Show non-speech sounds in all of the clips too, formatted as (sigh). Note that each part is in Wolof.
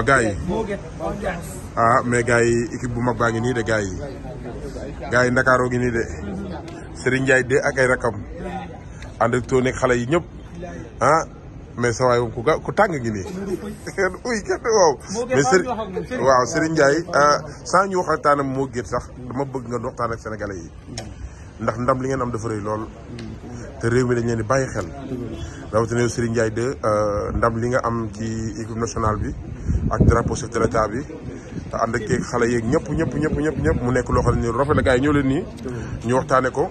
waaw gars yi ah mais gars yi équipe bu mag baa ngi nii de gars yi gars yi Ndakaaroo ngi nii de Serigne Ndiaye de ak ay rakam ànd ak xale yi ñëpp ah mais sa waay (laughs) waaw mais Serigne waaw Serigne Ndiaye ah, moo gét sax dama bëgg nga waxtaan ak sénégalais yi ndax ndam li ngeen am dafa reuy lool te réew mi dañ leen di bàyyi xel rawatina yow Serigne Ndiaye de euh, ndam li nga am ci équipe nationale bi ak drapeau chef de l'état bi te ànd ak yeeg xale yeeg ñëpp ñëpp ñëpp ñëpp ñëpp mu nekk loo xam ne rafet la gars yi ñëw leen nii ñu waxtaane ko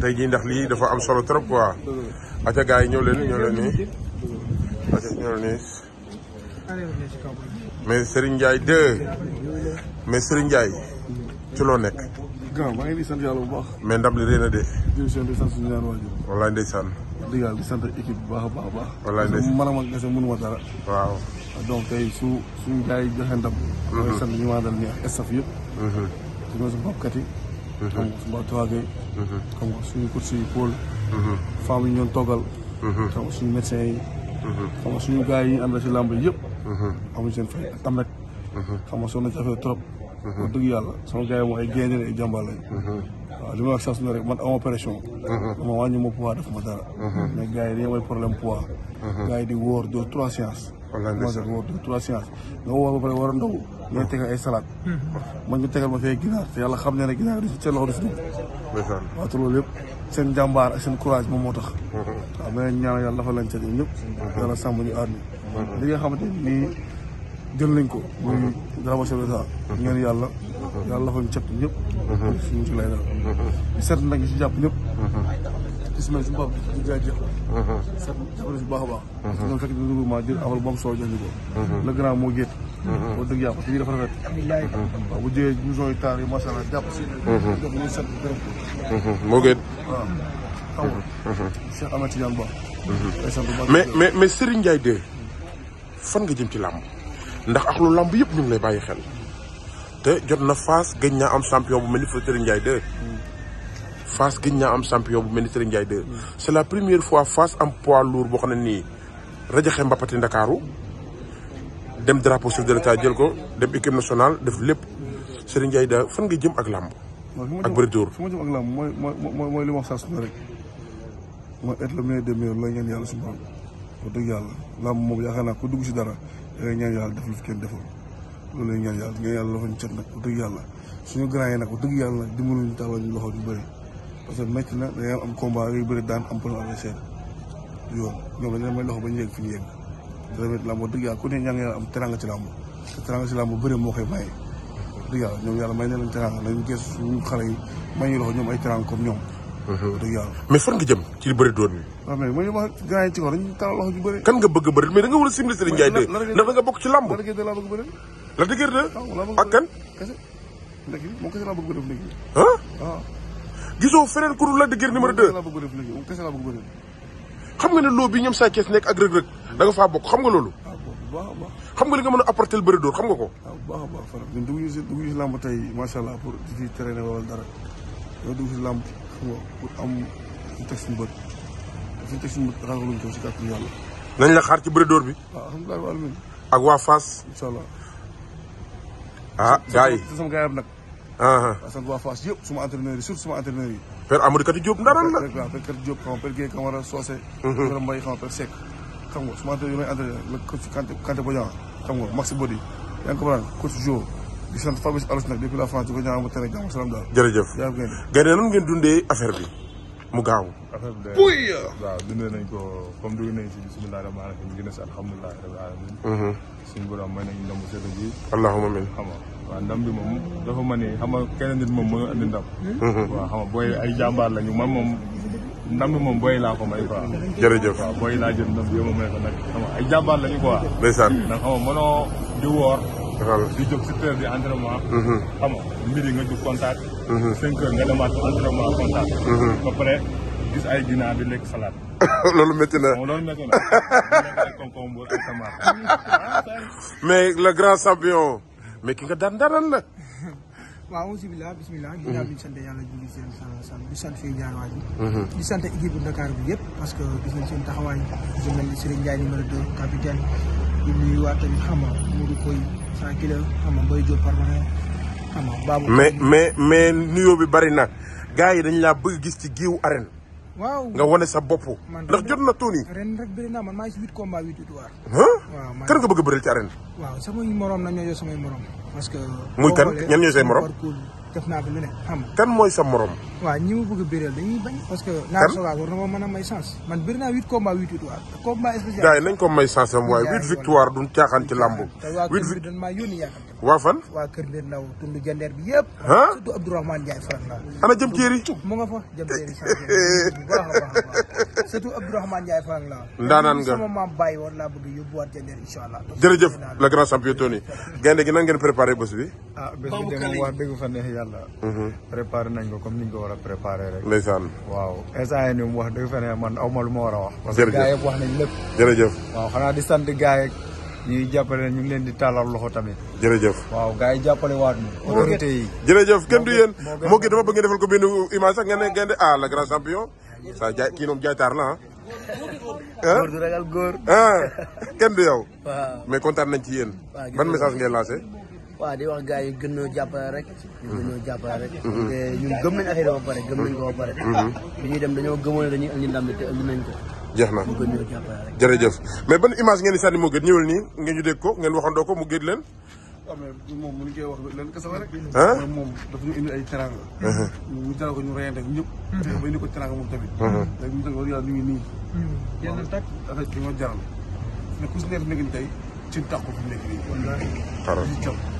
tey jii ndax lii dafa am solo trop quoi aca gars yi ñëw leen ñëw leen nii aca ñëw leen nii mais Serigne Ndiaye de mais Serigne Ndiaye ci loo nekk grand maa ngi nii sant yàlla bu baax. mais ndam li rëy na de. division bi sant suñu ñaar waajur. wallaay ndeysaan. wax dëgg yàlla di sant baax a baax a baax. wallaay ndeysaan parce que man ak kese mënuma dara. waaw donc su suñu gars yi joxe ndam. Mhm. mooy sant ñu ni ak staff yëpp. Mhm. su ma su mhm. su ma suñu course yi pôle. femmes yi ñoon toggal. xam suñu médecins yi. xam suñu gars yi ñu àndal si làmb yëpp. amuñu seen fay ak tam rek. xam nga na jafe trop. wax yàlla sama gars moom ay génne ay jàmbaar lañ waaw li ma wax saa su ne rek man amoo pression dama wàññi ma poids def ma dara mais gars yi dañoo may problème poids gars yi di wóor deux trois séances ma wóor deux trois séances nga wóor ba pare war a ndaw nga tegal ay salade man nga tegal ma fee ginaar te yàlla xam ne ne ginaar seen loxo di si dugg waaw te loolu yëpp seen jàmbaar ak seen courage moom moo tax waaw mais ñaan yàlla dafa lañ ca ñëpp yàlla sàmm ñu aar li nga xamante nii jël nañ ko. Mhm. muy drapeau chef de l'État. ñaan yàlla. Mhm. yàlla la fa ñu cat ñëpp. Mhm. suñu ci lay daal. nag si jàpp ñëpp. gis nañ suñu bopp di jaajëf. seet jàppale si bu baax a baax. ñoom fekk nañu groupement jël amal bu am solo jox ñu ko. le grand moo géet. jàpp si. jox ñu seet gërëm. moo géet. mais mais mais Serigne Ndiaye de fan nga jëm ci làmb. ndax ak lu lamb yep ñu lay bàyyi xel te jot na face gëj naa am champion bu melni ni Serigne Ndiaye 2 face gëj naa am champion bu melni Serigne Ndiaye 2 c'est la première fois face am poids lourd bo xam ne nii rajaxe mbapati dakaru dem drapeau sur de l'état jël ko dem équipe nationale def lepp Serigne Ndiaye 2 fan nga jëm ak lamb ak bëri dóor fi jëm ak lamb moy moy moy li ma wax saa su rek moy être le meilleur des meilleurs la ngeen yàlla suñu borom wax dëgg yàlla làmb moom yaakaar naa ku dugg si dara da ngay ñaan yàlla def lu fi kenn deful loolu la ñaan yàlla ñaan yàlla loxo ñu cet nag wax dëgg yàlla suñu grand yi nag wax dëgg yàlla na dañuy am combat ngay bëri daan am problème ñu yegg fi ñu ku ne ñaan nga yàlla am teranga ci làmb te teranga ci làmb bëri moo koy maye wax dëgg yàlla ñoom yàlla may na leen teranga nañ gis suñu xale yi may ñu loxo ñoom ay teranga comme ñoom du yoon mais fan nga jëm ci bëri doon bi waaw mais mooy wax gars yi kan nga bëgg bëri mais da nga a simli Serigne Ndiaye de ndax da nga bokk ci làmb la dëgër de laa bëgg bëri la dëgër de gisoo feneen ku dul la dëgër numéro 2 laa bëgg xam nga ne loo bi ñoom saa kees nekk ak rëg-rëg da faa bokk xam nga loolu ah, xam nga li nga mën a apporter bëri door xam nga ko ah, baax a si dugg tey macha allah pour di traîner wala dara yow dugg si làmb xam nga pour am ñu teg suñu bët te bët ko si kàttan yàlla. nañ la xaar ci bëre dóor bi. waaw alhamdulilah wa alamin. ak waa Fass. incha allah. ah gars yi sama gars yi nag. waaw sant waa Fass yëpp suma entraîneur yi surtout suma entraîneur yi. père Amadou Kati Diop ndaral la. waaw père Kati Diop xam nga père Guèye Camara Socé. Ibrahima mm-hmm. Mbaye xam nga père Seck. xam nga suma yi may entraîneur la coach Kanté di sant Fabrice Aros nag depuis la France di ko ñaanal mu tere jàmm salaam daal. jërëjëf yaa ngi génne. ngeen dundee affaire bi mu gaaw. affaire bi de waaw dundee nañ ko comme dugg nañ si bisimilah rahmaani rahiim ñu génne si alhamdulilah rabbil alamin. Mhm. suñu borom may nañu ndam bu sedd ji. allahumma amiin xam nga waaw ndam bi moom dafa ma ne xam nga kenn nit moom mënul andi ndam. Mhm. waaw xam nga booy ay jàmbaar lañu man moom. ndam bi moom booy laa ko may quoi. jërëjëf waaw booy laa jël ndam bi yow ma may ko nag xam nga ay jàmbaar lañu quoi. ndeysaan ndax xam nga mënoo di woor di jóg si heure bi entraînement. Mhm. mbiri nga jóg contact. Mhm. cinq nga demaat contact. Mhm. ba pare gis ay ginaar di lekk salade. (laughs) loolu métti na loolu métti (laughs) mais le grand champion mais ki nga daan daral la. waaw auzu billah bismillah ginnaaw bi ñu sant yàlla julli seen san di sant fii jaar waa di sant équipe bu bi yëpp parce que gis nañ seen taxawaay su mel ni Serigne Ndiaye numéro deux capitaine di nuyu waat mu ngi koy cent kilos xam nga Mbaye Diop permanent xam nga baabu mais mais mais nuyoo bi bari na gars yi dañ laa bëgg gis ci giiw arène. waaw nga wane sa bopp. ndax jot na tuuni. ren rek bëri naa man maa ngi si huit combat huit victoire. nga bëgg a bëril ci arène. waaw samay na ñoo yor samay morom. parce que. muy kan ñan ñooy say morom. kan moy sa morom. wa ñi mu bëgg a bëreel dañuy bañ. parce que na kan? soga war na ma mën may chance. man bëri na 8 combat 8 victoire. combat spécial gars nañ ko may chance moy 8 huit victoire duñ caaxaan ci làmb. huit victoire dañ maa yónni yaakaar. waa fan. wa Kër Mbir naw tundu jender bi yépp tuddu surtout Abdourahmane Ndiaye Farak laa. ana jëm kéri mo nga fa jëm kéri tuddu (laughs) bu baax a baax surtout Abdourahmane Ndiaye Farak laa. ndaanaan nga sama mam bàyyi woon la bëgg yóbbuwaat jandeer incha allah. jërëjëf le grand champion Tony gaynde gi nan ngeen préparer bëss bi. ah bëss bi dem moom bëgg fa neex yàlla yàlla. Mhm. préparé nañ ko comme ni ñu ko war a préparé rek. ndeysaan waaw instant yii wax dëgg fa man aw ma lu ma war a wax. parce que gars yëpp wax nañ lépp. jërëjëf waaw xanaa di sant gars yi ñuy jàppale ñu ngi leen di tàllal loxo tamit. jërëjëf waaw gars yi jàppale waat ñu. autorité yi jërëjëf kenn du yéen. moo gën dama bëgg defal ko benn image sax ngeen ngeen ah le grand champion. sa jaay kii moom jaaytaar la ah. góor du ragal góor. kenn du yow. (laughs) waaw mais kontaan nañ ci yéen. ban message waaw di wax gars yi gën ñoo jàppale rek. Mm-hmm. gën ñoo jàppale rek. Mm-hmm. te ba pare gëm nañ ko ba pare. bi mm-hmm. ñuy dem dañoo gëmoon dañuy na gën ñoo jàppale rek. jërëjëf mais image ngeen di sànni ngeen ñu dégg ko ngeen waxandoo ko mu moom mënuñ koy wax lenn la rek. mais moom daf ay teranga. ñu uh-huh. ñu reyante te uh-huh. ba ko teranga moom tamit. Uh-huh. léegi ñu toog yàlla ñu ngi nii. yàlla na tàkk affaire bi ñoo jaral mais ku si nekk nekk tey ci tàkku fi mu